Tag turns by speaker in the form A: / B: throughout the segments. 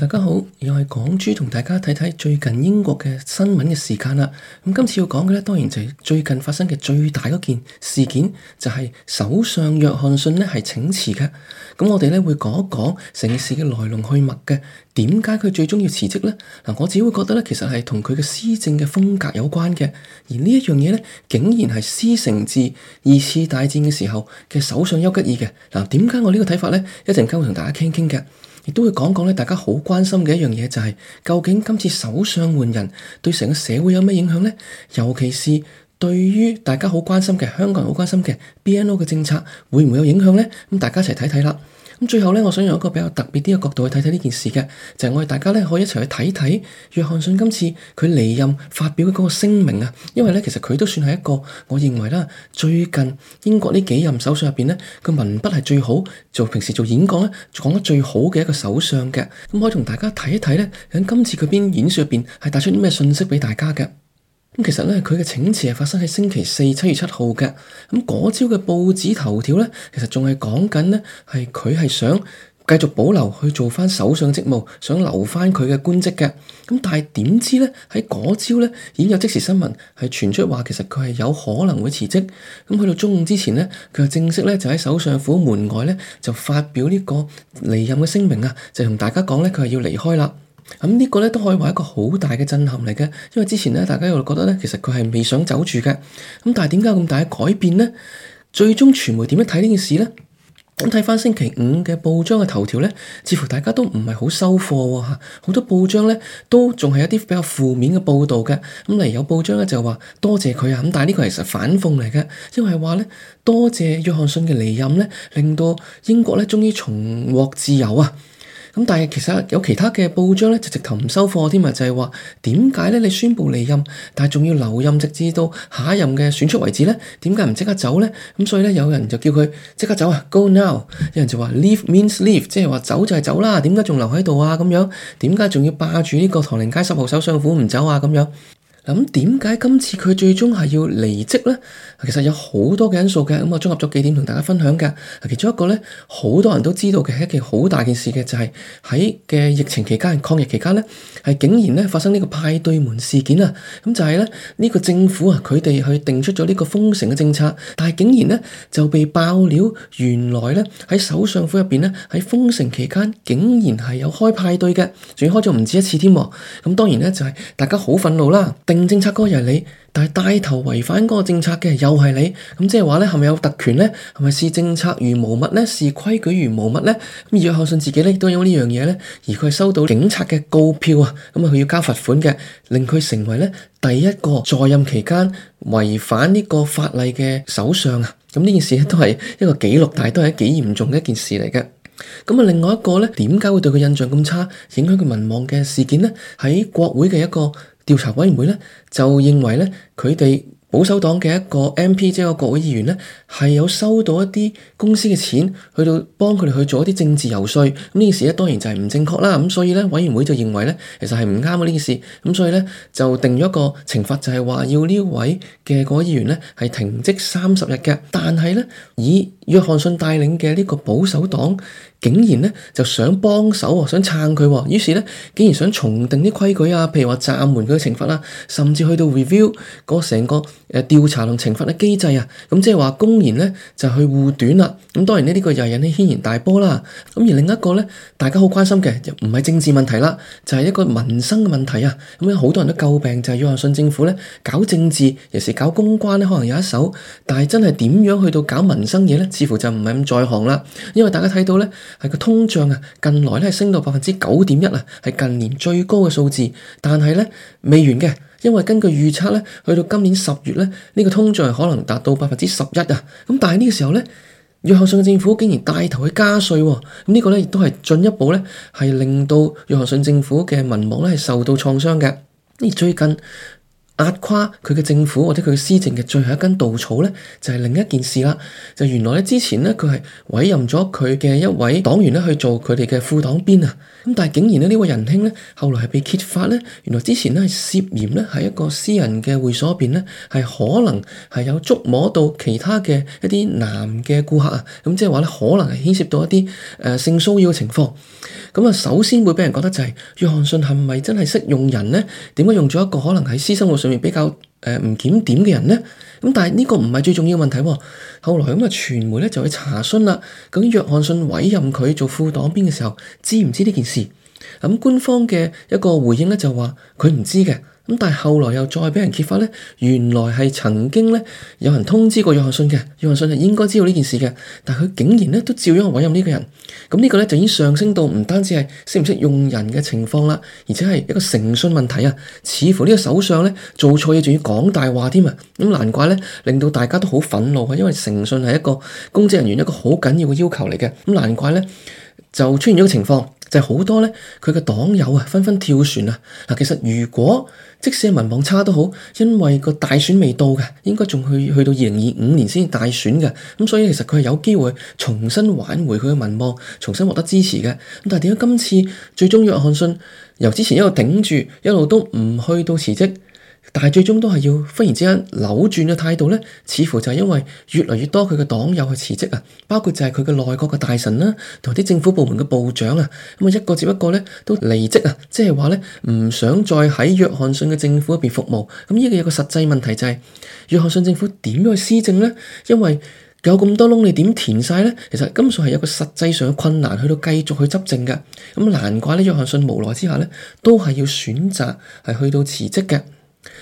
A: 大家好，又係港豬同大家睇睇最近英國嘅新聞嘅時間啦。咁今次要講嘅咧，當然就係最近發生嘅最大嗰件事件，就係、是、首相約翰遜咧係請辭嘅。咁我哋咧會講一講成件事嘅來龍去脈嘅，點解佢最終要辭職咧？嗱，我只會覺得咧，其實係同佢嘅施政嘅風格有關嘅。而呢一樣嘢咧，竟然係師承自二次大戰嘅時候嘅首相丘吉爾嘅。嗱，點解我呢個睇法咧？一陣間會同大家傾傾嘅。亦都會講講咧，大家好關心嘅一樣嘢就係、是，究竟今次首相換人對成個社會有咩影響咧？尤其是對於大家好關心嘅香港人好關心嘅 BNO 嘅政策會唔會有影響咧？咁大家一齊睇睇啦。最後呢，我想用一個比較特別啲嘅角度去睇睇呢件事嘅，就係、是、我哋大家呢，可以一齊去睇睇約翰遜今次佢離任發表嘅嗰個聲明啊，因為呢，其實佢都算係一個，我認為啦，最近英國呢幾任首相入邊呢，佢文筆係最好，做平時做演講呢，講得最好嘅一個首相嘅，咁可以同大家睇一睇呢，喺今次佢篇演說入邊係帶出啲咩訊息俾大家嘅。咁其實咧，佢嘅請辭係發生喺星期四七月七號嘅。咁嗰朝嘅報紙頭條咧，其實仲係講緊咧，係佢係想繼續保留去做翻首相嘅職務，想留翻佢嘅官職嘅。咁但係點知咧，喺嗰朝咧已經有即時新聞係傳出話，其實佢係有可能會辭職。咁去到中午之前咧，佢就正式咧就喺首相府門外咧就發表呢個離任嘅聲明啊，就同大家講咧佢係要離開啦。咁呢個咧都可以話一個好大嘅震撼嚟嘅，因為之前咧大家又覺得咧其實佢係未想走住嘅，咁但係點解有咁大嘅改變咧？最終傳媒點樣睇呢件事咧？咁睇翻星期五嘅報章嘅頭條咧，似乎大家都唔係好收貨喎嚇，好多報章咧都仲係一啲比較負面嘅報導嘅。咁例如有報章咧就話多謝佢啊，咁但係呢個其實反諷嚟嘅，因為係話咧多謝約翰遜嘅離任咧，令到英國咧終於重獲自由啊！咁但係其實有其他嘅報章咧，就直頭唔收貨添，咪就係話點解咧？你宣布離任，但係仲要留任直至到下一任嘅選出為止咧？點解唔即刻走咧？咁所以咧，有人就叫佢即刻走啊，Go now！有人就話 Leave means leave，即係話走就係走啦，點解仲留喺度啊？咁樣點解仲要霸住呢個唐寧街十號首相府唔走啊？咁樣。咁點解今次佢最終係要離職咧？其實有好多嘅因素嘅，咁我綜合咗幾點同大家分享嘅。其中一個咧，好多人都知道嘅係一件好大件事嘅，就係喺嘅疫情期間、抗疫期間咧，係竟然咧發生呢個派對門事件啊！咁就係咧，呢個政府啊，佢哋去定出咗呢個封城嘅政策，但係竟然咧就被爆料，原來咧喺首相府入邊咧喺封城期間，竟然係有開派對嘅，仲要開咗唔止一次添。咁當然咧就係大家好憤怒啦，定。政策嗰人係你，但係帶頭違反嗰個政策嘅又係你，咁即係話咧係咪有特權咧？係咪視政策如無物咧？視規矩如無物咧？咁約翰遜自己咧亦都因為呢樣嘢咧，而佢係收到警察嘅告票啊，咁啊佢要交罰款嘅，令佢成為咧第一個在任期間違反呢個法例嘅首相啊！咁呢件事咧都係一個紀錄，但係都係幾嚴重嘅一件事嚟嘅。咁啊，另外一個咧，點解會對佢印象咁差，影響佢民望嘅事件咧？喺國會嘅一個。調查委員會咧就認為咧，佢哋保守黨嘅一個 MP，即係個國會議員咧，係有收到一啲公司嘅錢，去到幫佢哋去做一啲政治游說。咁呢件事咧，當然就係唔正確啦。咁所以咧，委員會就認為咧，其實係唔啱嘅呢件事。咁所以咧，就定咗一個懲罰，就係話要呢位嘅國會議員咧係停職三十日嘅。但係咧，以約翰遜帶領嘅呢個保守黨，竟然呢就想幫手，想撐佢，於是呢，竟然想重定啲規矩啊，譬如話暫緩佢嘅懲罰啦，甚至去到 review 嗰成個誒調查同懲罰嘅機制啊，咁即係話公然呢就去護短啦。咁當然呢，呢個又係引起軒然大波啦。咁而另一個呢，大家好關心嘅，又唔係政治問題啦，就係一個民生嘅問題啊。咁好多人都詬病就係約翰遜政府呢搞政治，尤其搞公關呢可能有一手，但係真係點樣去到搞民生嘢呢？似乎就唔係咁在行啦，因為大家睇到咧，係個通脹啊，近來咧升到百分之九點一啊，係近年最高嘅數字。但係咧未完嘅，因為根據預測咧，去到今年十月咧，呢、這個通脹可能達到百分之十一啊。咁但係呢個時候咧，約翰遜嘅政府竟然帶頭去加稅。哦，咁、這個、呢個咧亦都係進一步咧係令到約翰遜政府嘅民望咧係受到創傷嘅。而最近壓垮佢嘅政府或者佢嘅施政嘅最後一根稻草呢，就係、是、另一件事啦。就原來呢，之前呢，佢係委任咗佢嘅一位黨員呢去做佢哋嘅副黨鞭啊。咁但係竟然呢，呢位仁兄呢，後來係被揭發呢。原來之前呢，係涉嫌呢，喺一個私人嘅會所入邊呢，係可能係有觸摸到其他嘅一啲男嘅顧客啊。咁即係話呢，可能係牽涉到一啲誒、呃、性騷擾嘅情況。咁啊，首先會俾人覺得就係約翰遜係咪真係識用人呢？點解用咗一個可能喺私生活上，比較誒唔檢點嘅人呢，咁但係呢個唔係最重要問題喎。後來咁啊，傳媒咧就去查詢啦。咁約翰遜委任佢做副黨鞭嘅時候，知唔知呢件事？咁、嗯、官方嘅一個回應咧就話佢唔知嘅。咁但係後來又再畀人揭發咧，原來係曾經咧有人通知過約翰遜嘅，約翰遜係應該知道呢件事嘅，但係佢竟然咧都照樣委任呢個人，咁呢個咧就已經上升到唔單止係識唔識用人嘅情況啦，而且係一個誠信問題啊！似乎呢個首相咧做錯嘢仲要講大話添啊！咁難怪咧令到大家都好憤怒啊，因為誠信係一個公職人員一個好緊要嘅要求嚟嘅，咁難怪咧就出現咗個情況。就好多呢，佢嘅黨友啊，紛紛跳船啊！嗱，其實如果即使民望差都好，因為個大選未到嘅，應該仲去去到二零二五年先至大選嘅，咁所以其實佢係有機會重新挽回佢嘅民望，重新獲得支持嘅。咁但係點解今次最終約翰遜由之前一路頂住，一路都唔去到辭職？但係最終都係要忽然之間扭轉嘅態度咧，似乎就係因為越嚟越多佢嘅黨友去辭職啊，包括就係佢嘅內閣嘅大臣啦、啊，同啲政府部門嘅部長啊，咁、嗯、啊一個接一個咧都離職啊，即係話咧唔想再喺約翰遜嘅政府入邊服務。咁、嗯、呢、這個有個實際問題就係、是、約翰遜政府點樣去施政咧？因為有咁多窿，你點填晒咧？其實根本上係有個實際上嘅困難，去到繼續去執政嘅。咁、嗯、難怪呢，約翰遜無奈之下咧，都係要選擇係去到辭職嘅。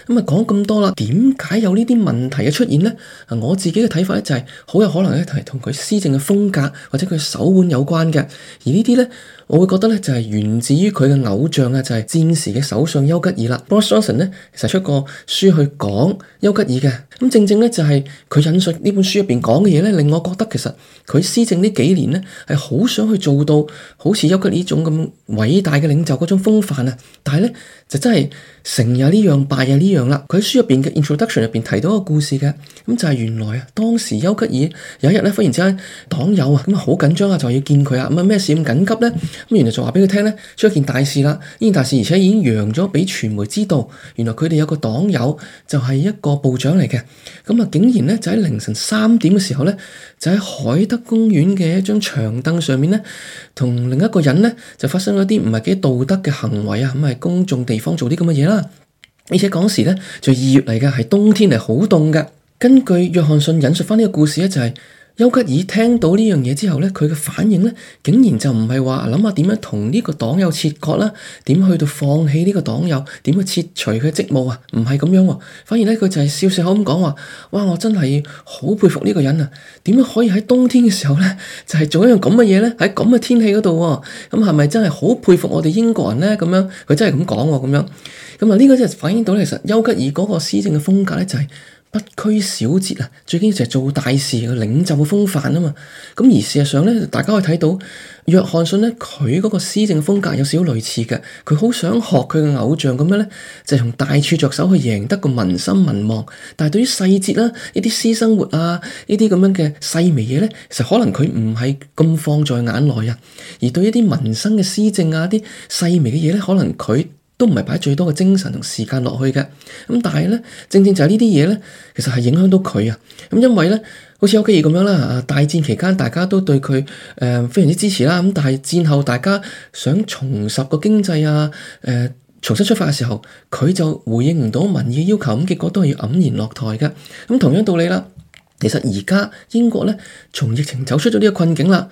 A: 咁啊，講咁多啦，點解有呢啲問題嘅出現呢？我自己嘅睇法呢就係、是、好有可能呢係同佢施政嘅風格或者佢手腕有關嘅，而呢啲呢。我會覺得咧，就係源自於佢嘅偶像啊，就係戰時嘅首相丘吉爾啦。Boris Johnson 咧，其實出過書去講丘吉爾嘅。咁正正咧，就係佢引述呢本書入邊講嘅嘢咧，令我覺得其實佢施政呢幾年咧，係好想去做到好似丘吉爾呢種咁偉大嘅領袖嗰種風範啊。但係咧，就真係成也呢樣，敗也呢樣啦。佢喺書入邊嘅 introduction 入邊提到一個故事嘅，咁就係原來啊，當時丘吉爾有一日咧，忽然之間黨友啊，咁啊好緊張啊，就要見佢啊，咁啊咩事咁緊急咧？咁原來就話畀佢聽咧，出咗件大事啦！呢件大事而且已經揚咗畀傳媒知道。原來佢哋有個黨友就係、是、一個部長嚟嘅。咁啊，竟然咧就喺凌晨三點嘅時候咧，就喺海德公園嘅一張長凳上面咧，同另一個人咧就發生咗啲唔係幾道德嘅行為啊！咁喺公眾地方做啲咁嘅嘢啦。而且講時咧就二月嚟嘅，係冬天嚟，好凍嘅。根據約翰遜引述翻呢個故事咧、就是，就係。邱吉爾聽到呢樣嘢之後，呢佢嘅反應呢竟然就唔係話諗下點樣同呢個黨友切割啦，點去到放棄呢個黨友，點去撤除佢嘅職務啊？唔係咁樣喎、哦，反而呢，佢就係笑笑口咁講話，哇，我真係好佩服呢個人啊！點樣可以喺冬天嘅時候呢，就係、是、做一樣咁嘅嘢呢，喺咁嘅天氣嗰度喎，咁係咪真係好佩服我哋英國人呢？咁樣佢真係咁講喎，咁樣咁啊？呢、這個真係反映到其實邱吉爾嗰個施政嘅風格呢，就係、是。不拘小節啊，最緊要就係做大事嘅領袖嘅風範啊嘛。咁而事實上咧，大家可以睇到約翰遜咧，佢嗰個施政風格有少少類似嘅。佢好想學佢嘅偶像咁樣咧，就係從大處着手去贏得個民心民望。但係對於細節啦，呢啲私生活啊，呢啲咁樣嘅細微嘢咧，其實可能佢唔係咁放在眼內啊。而對一啲民生嘅施政啊，啲細微嘅嘢咧，可能佢。都唔係擺最多嘅精神同時間落去嘅，咁但係咧，正正就係呢啲嘢咧，其實係影響到佢啊。咁因為咧，好似邱吉爾咁樣啦，啊，大戰期間大家都對佢誒、呃、非常之支持啦，咁但係戰後大家想重拾個經濟啊，誒、呃、重新出發嘅時候，佢就回應唔到民意嘅要求，咁結果都係要黯然落台嘅。咁同樣道理啦，其實而家英國咧，從疫情走出咗呢個困境啦。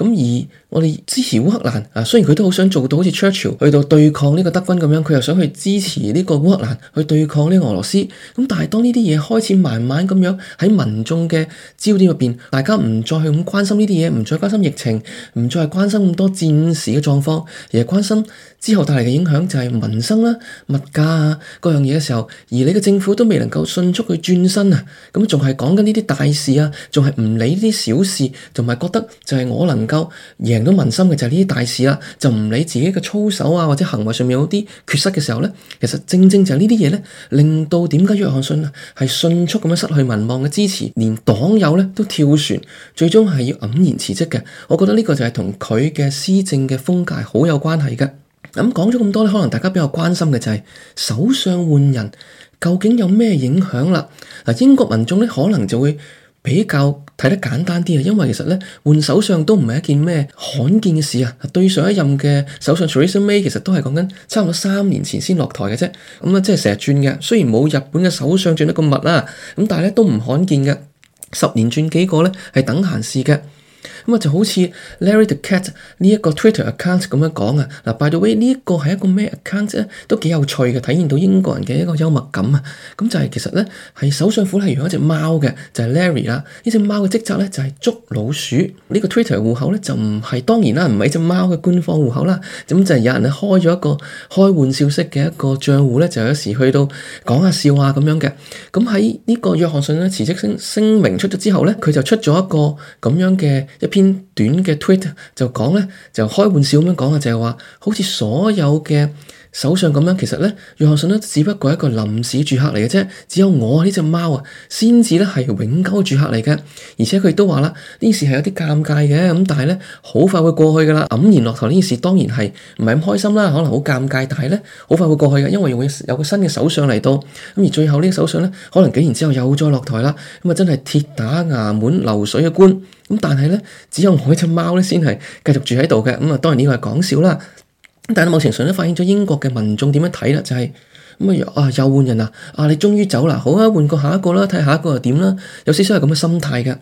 A: 咁而我哋支持烏克蘭啊，雖然佢都好想做到好似 Churchill 去到對抗呢個德軍咁樣，佢又想去支持呢個烏克蘭去對抗呢個俄羅斯。咁但係當呢啲嘢開始慢慢咁樣喺民眾嘅焦點入邊，大家唔再去咁關心呢啲嘢，唔再關心疫情，唔再係關心咁多戰事嘅狀況，而係關心之後帶嚟嘅影響就係民生啦、啊、物價啊各樣嘢嘅時候，而你嘅政府都未能夠迅速去轉身啊，咁仲係講緊呢啲大事啊，仲係唔理呢啲小事，同埋覺得就係我能。夠贏到民心嘅就係呢啲大事啦，就唔理自己嘅操守啊或者行為上面有啲缺失嘅時候呢，其實正正就係呢啲嘢呢，令到點解約翰遜啊係迅速咁樣失去民望嘅支持，連黨友呢都跳船，最終係要黯然辭職嘅。我覺得呢個就係同佢嘅施政嘅風格好有關係嘅。咁講咗咁多呢，可能大家比較關心嘅就係首相換人究竟有咩影響啦？嗱，英國民眾呢，可能就會比較，睇得簡單啲啊，因為其實咧換首相都唔係一件咩罕見嘅事啊。對上一任嘅首相 Theresa May 其實都係講緊差唔多三年前先落台嘅啫。咁、嗯、啊，即係成日轉嘅，雖然冇日本嘅首相轉得咁密啦，咁但係咧都唔罕見嘅。十年轉幾個咧係等閒事嘅。咁啊就好似 Larry the Cat 呢一個 Twitter account 咁樣講啊嗱，by the way 呢一個係一個咩 account 咧，都幾有趣嘅，體現到英國人嘅一個幽默感啊。咁就係其實咧，係首相府係養一隻貓嘅，就係 Larry 啦。呢隻貓嘅職責咧就係捉老鼠。呢個 Twitter 戶口咧就唔係當然啦，唔係隻貓嘅官方戶口啦。咁就係有人開咗一個開玩笑式嘅一個賬戶咧，就有時去到講下笑啊咁樣嘅。咁喺呢個約翰遜咧辭職聲聲明出咗之後咧，佢就出咗一個咁樣嘅。一篇短嘅 tweet 就講咧，就開玩笑咁樣講啊，就係話好似所有嘅首相咁樣，其實呢，約翰遜呢，只不過係一個臨時住客嚟嘅啫，只有我呢隻貓啊，先至呢係永久住客嚟嘅。而且佢亦都話啦，呢件事係有啲尷尬嘅，咁但係呢，好快會過去噶啦。黯然落台呢件事當然係唔係咁開心啦，可能好尷尬，但係呢，好快會過去嘅，因為會有個新嘅首相嚟到。咁而最後呢個首相呢，可能幾年之後又再落台啦。咁啊，真係鐵打衙門流水嘅官。咁但係呢，只有我呢隻貓呢，先係繼續住喺度嘅。咁啊，當然呢個係講笑啦。但係某程度上都反映咗英國嘅民眾點樣睇啦，就係咁啊啊又換人啦，啊你終於走啦，好啊換過下一個啦，睇下一個又點啦，有少少係咁嘅心態嘅。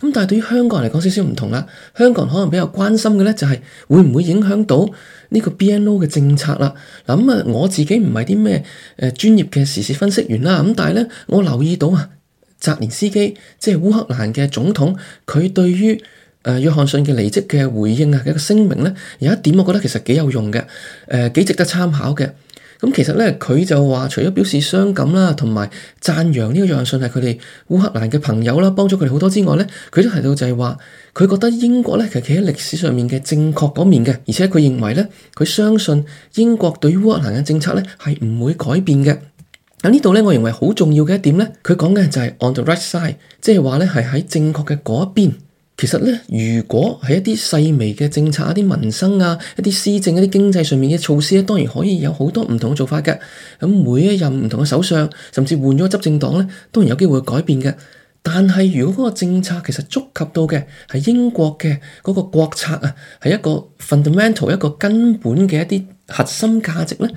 A: 咁但係對於香港人嚟講少少唔同啦，香港人可能比較關心嘅咧就係會唔會影響到呢個 BNO 嘅政策啦。嗱咁啊，我自己唔係啲咩誒專業嘅時事分析員啦，咁但係咧我留意到啊，澤連斯基即係烏克蘭嘅總統，佢對於。誒，約翰遜嘅離職嘅回應啊，嘅一個聲明呢，有一點，我覺得其實幾有用嘅，誒、呃、幾值得參考嘅。咁其實呢，佢就話除咗表示傷感啦，同埋讚揚呢個約翰遜係佢哋烏克蘭嘅朋友啦，幫咗佢哋好多之外呢，佢都提到就係話，佢覺得英國呢，其實企喺歷史上面嘅正確嗰面嘅，而且佢認為呢，佢相信英國對於烏克蘭嘅政策呢係唔會改變嘅。喺呢度呢，我認為好重要嘅一點呢，佢講嘅就係 on the right side，即係話呢係喺正確嘅嗰一邊。其實呢，如果係一啲細微嘅政策，一啲民生啊，一啲、啊、施政一啲經濟上面嘅措施咧，當然可以有好多唔同嘅做法嘅。咁每一任唔同嘅首相，甚至換咗執政黨呢，當然有機會會改變嘅。但係如果嗰個政策其實觸及到嘅係英國嘅嗰個國策啊，係一個 fundamental 一個根本嘅一啲核心價值呢，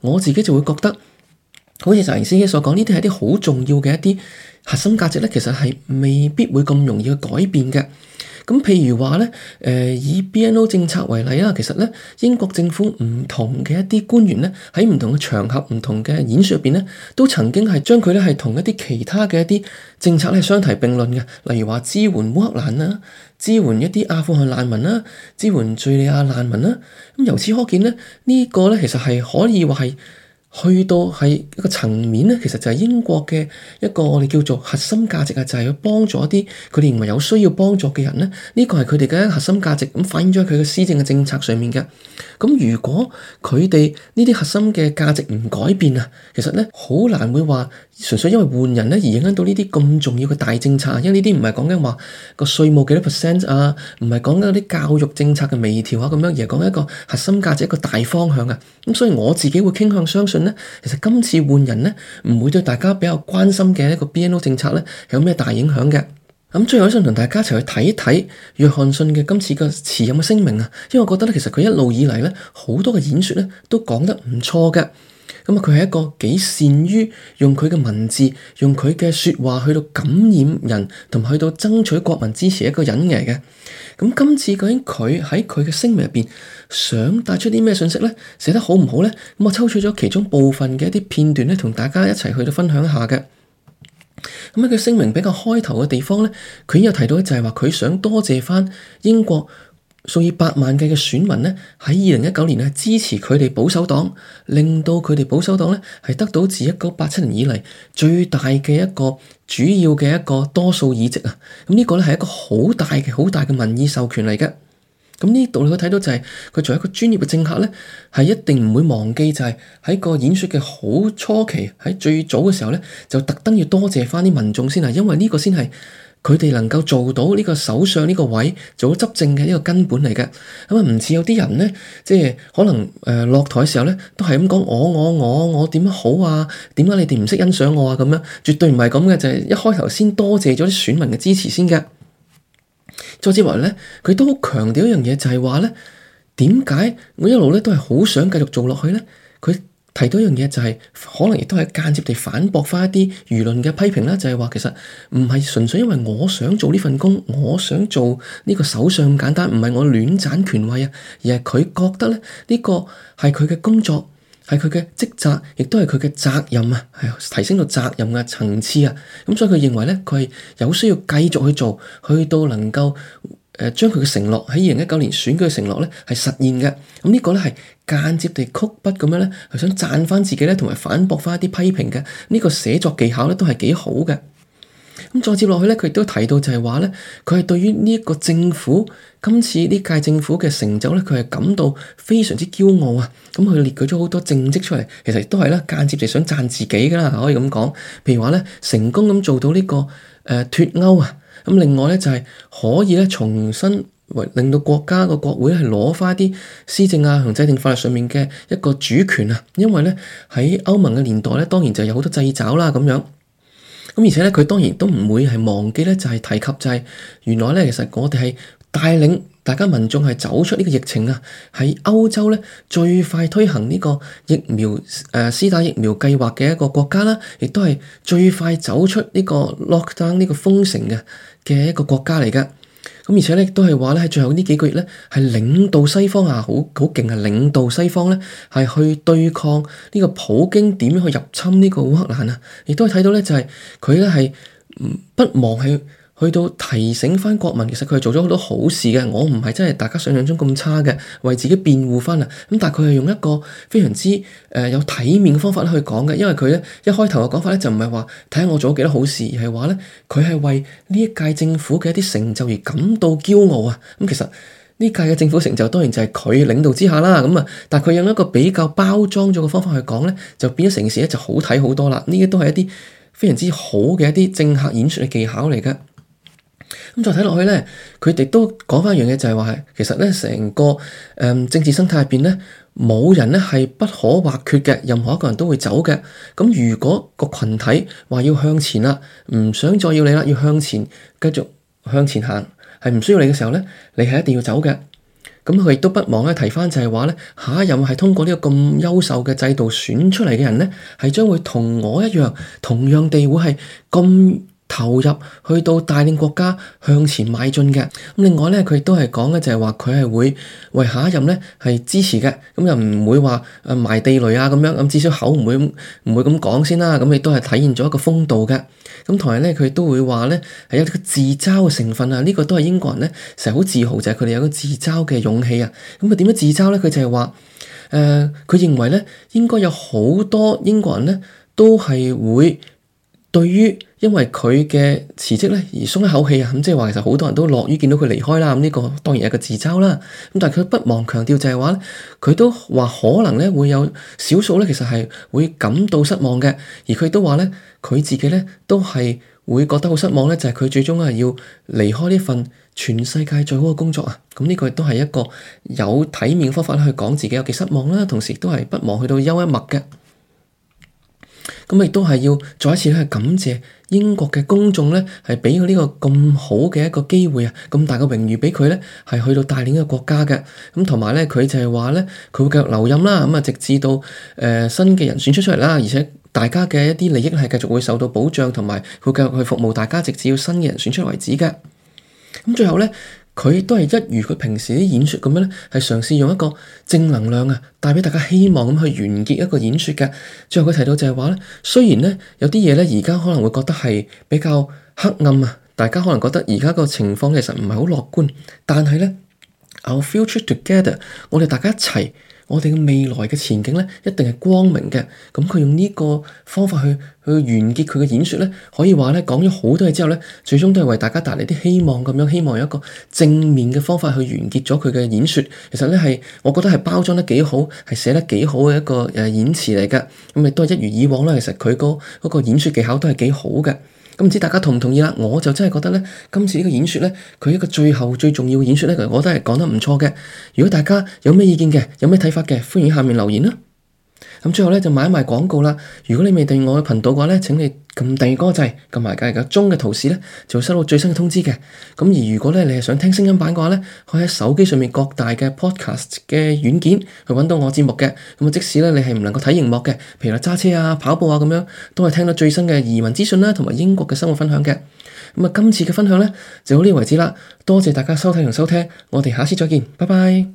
A: 我自己就會覺得。好似陳賢司姐所講，呢啲係一啲好重要嘅一啲核心價值咧，其實係未必會咁容易去改變嘅。咁譬如話咧，誒、呃、以 BNO 政策為例啊，其實咧英國政府唔同嘅一啲官員咧，喺唔同嘅場合、唔同嘅演説入邊咧，都曾經係將佢咧係同一啲其他嘅一啲政策咧相提並論嘅。例如話支援烏克蘭啦，支援一啲阿富汗難民啦，支援敍利亞難民啦。咁由此可見咧，這個、呢個咧其實係可以話係。去到係一個層面咧，其實就係英國嘅一個我哋叫做核心價值啊，就係要幫助一啲佢哋認為有需要幫助嘅人咧。呢個係佢哋嘅核心價值，咁反映咗佢嘅施政嘅政策上面嘅。咁如果佢哋呢啲核心嘅價值唔改變啊，其實咧好難會話純粹因為換人咧而影響到呢啲咁重要嘅大政策，因為呢啲唔係講緊話個稅務幾多 percent 啊，唔係講緊啲教育政策嘅微調啊咁樣，而係講緊一個核心價值一個大方向啊。咁所以我自己會傾向相信。其實今次換人呢，唔會對大家比較關心嘅一個 BNO 政策呢，有咩大影響嘅？咁最後想同大家一齊去睇一睇約翰遜嘅今次嘅辭任嘅聲明啊，因為我覺得呢，其實佢一路以嚟呢，好多嘅演說呢，都講得唔錯嘅。咁啊，佢係一個幾善於用佢嘅文字，用佢嘅說話去到感染人，同去到爭取國民支持一個人嚟嘅。咁、嗯、今次究竟佢喺佢嘅聲明入邊想帶出啲咩信息咧？寫得好唔好咧？咁、嗯、啊，我抽取咗其中部分嘅一啲片段咧，同大家一齊去到分享下嘅。咁喺佢聲明比較開頭嘅地方咧，佢已經有提到就係話佢想多謝翻英國。數以百萬計嘅選民呢，喺二零一九年係支持佢哋保守黨，令到佢哋保守黨呢，係得到自一九八七年以嚟最大嘅一個主要嘅一個多數議席啊！咁、嗯、呢、這個呢，係一個好大嘅好大嘅民意授權嚟嘅。咁呢度你睇到就係、是、佢作為一個專業嘅政客呢，係一定唔會忘記就係喺個演説嘅好初期，喺最早嘅時候呢，就特登要多謝翻啲民眾先啊，因為呢個先係。佢哋能夠做到呢個首相呢個位，做到執政嘅呢個根本嚟嘅。咁啊唔似有啲人呢，即係可能誒落台嘅時候呢，都係咁講，我我我我點樣好啊？點解你哋唔識欣賞我啊？咁樣絕對唔係咁嘅，就係一開頭先多謝咗啲選民嘅支持先嘅。再之話呢，佢都好強調一樣嘢，就係話呢：「點解我一路呢都係好想繼續做落去呢？」提到一樣嘢就係，可能亦都係間接地反駁翻一啲輿論嘅批評啦，就係話其實唔係純粹因為我想做呢份工，我想做呢個首相咁簡單，唔係我亂斬權位啊，而係佢覺得咧呢個係佢嘅工作，係佢嘅職責，亦都係佢嘅責任啊，係提升到責任嘅層次啊，咁所以佢認為咧佢係有需要繼續去做，去到能夠，誒將佢嘅承諾喺二零一九年選舉嘅承諾咧係實現嘅，咁呢個咧係間接地曲筆咁樣咧，係想讚翻自己咧，同埋反駁翻一啲批評嘅，呢個寫作技巧咧都係幾好嘅。咁再接落去咧，佢亦都提到就係話咧，佢係對於呢一個政府今次呢屆政府嘅成就咧，佢係感到非常之驕傲啊！咁佢列舉咗好多政績出嚟，其實亦都係咧間接地想讚自己噶啦，可以咁講。譬如話咧，成功咁做到呢個誒脫歐啊！咁另外咧就係可以咧重新令到國家個國會係攞翻啲施政啊同制定法律上面嘅一個主權啊，因為咧喺歐盟嘅年代咧，當然就有好多掣肘啦咁樣。咁而且咧佢當然都唔會係忘記咧，就係、是、提及就係原來咧其實我哋係帶領大家民眾係走出呢個疫情啊，喺歐洲咧最快推行呢個疫苗誒施、呃、打疫苗計劃嘅一個國家啦，亦都係最快走出呢個 lockdown 呢個封城嘅。嘅一個國家嚟噶，咁而且咧都係話咧喺最後呢幾個月咧，係領導西方啊，好好勁啊，領導西方咧係去對抗呢個普京點樣去入侵呢個烏克蘭啊，亦都可以睇到咧就係佢咧係不忘去。去到提醒翻國民，其實佢係做咗好多好事嘅，我唔係真係大家想象中咁差嘅，為自己辯護翻啊！咁但係佢係用一個非常之誒有體面嘅方法去講嘅，因為佢咧一開頭嘅講法咧就唔係話睇下我做咗幾多好事，而係話咧佢係為呢一屆政府嘅一啲成就而感到驕傲啊！咁其實呢一屆嘅政府成就當然就係佢領導之下啦，咁啊，但係佢用一個比較包裝咗嘅方法去講咧，就變咗成件事咧就好睇好多啦！呢啲都係一啲非常之好嘅一啲政客演説嘅技巧嚟嘅。咁再睇落去咧，佢哋都講翻一樣嘢，就係話係其實咧成個誒、嗯、政治生態入邊咧，冇人咧係不可或缺嘅，任何一個人都會走嘅。咁如果個群體話要向前啦，唔想再要你啦，要向前繼續向前行，係唔需要你嘅時候咧，你係一定要走嘅。咁佢亦都不忘咧提翻就係話咧，下一任係通過呢個咁優秀嘅制度選出嚟嘅人咧，係將會同我一樣，同樣地會係咁。投入去到帶領國家向前邁進嘅。咁，另外咧佢都係講嘅就係話佢係會為下一任咧係支持嘅，咁，又唔會話誒埋地雷啊咁樣咁，至少口唔會唔會咁講先啦。咁亦都係體現咗一個風度嘅，咁，同埋咧佢都會話咧係有個自嘲嘅成分啊。呢個都係英國人咧成日好自豪，就係佢哋有個自嘲嘅勇氣啊。咁佢點樣自嘲咧？佢就係話誒，佢，呃，認為咧應該有好多英國人咧都係會對於。因為佢嘅辭職咧而鬆一口氣啊，咁即係話其實好多人都樂於見到佢離開啦，咁、這、呢個當然係一個自嘲啦。咁但係佢不忘強調就係話，咧佢都話可能咧會有少數咧其實係會感到失望嘅，而佢都話咧佢自己咧都係會覺得好失望咧，就係、是、佢最終係要離開呢份全世界最好嘅工作啊。咁、嗯、呢、這個亦都係一個有體面方法去講自己有幾失望啦，同時亦都係不忘去到幽一默嘅。咁亦都係要再一次咧，感謝英國嘅公眾咧，係俾佢呢個咁好嘅一個機會啊，咁大嘅榮譽俾佢咧，係去到帶領一個國家嘅。咁同埋咧，佢就係話咧，佢會繼續留任啦。咁啊，直至到誒、呃、新嘅人選出出嚟，啦，而且大家嘅一啲利益係繼續會受到保障，同埋佢繼續去服務大家，直至到新嘅人選出嚟為止噶。咁最後咧。佢都係一如佢平時啲演説咁樣咧，係嘗試用一個正能量啊，帶畀大家希望咁去完結一個演説嘅。最後佢提到就係話咧，雖然咧有啲嘢咧而家可能會覺得係比較黑暗啊，大家可能覺得而家個情況其實唔係好樂觀，但係咧 our future together，我哋大家一齊。我哋嘅未來嘅前景咧，一定係光明嘅。咁佢用呢個方法去去完結佢嘅演說咧，可以話咧講咗好多嘢之後咧，最終都係為大家帶嚟啲希望咁樣，希望有一個正面嘅方法去完結咗佢嘅演說。其實咧係，我覺得係包裝得幾好，係寫得幾好嘅一個誒演詞嚟㗎。咁亦都係一如以往啦。其實佢個嗰個演說技巧都係幾好嘅。咁唔知道大家同唔同意啦？我就真係覺得咧，今次呢個演說呢，佢一個最後最重要嘅演說咧，我覺得係講得唔錯嘅。如果大家有咩意見嘅，有咩睇法嘅，歡迎下面留言啦。咁最後呢，就買埋廣告啦。如果你未訂閱我嘅頻道嘅話呢，請你撳訂閱個掣，撳埋隔籬個鐘嘅圖示呢，就會收到最新嘅通知嘅。咁而如果呢，你係想聽聲音版嘅話呢，可以喺手機上面各大嘅 podcast 嘅軟件去揾到我節目嘅。咁啊，即使呢，你係唔能夠睇熒幕嘅，譬如話揸車啊、跑步啊咁樣，都係聽到最新嘅移民資訊啦、啊，同埋英國嘅生活分享嘅。咁啊，今次嘅分享呢，就到呢度為止啦。多謝大家收睇同收聽，我哋下次再見，拜拜。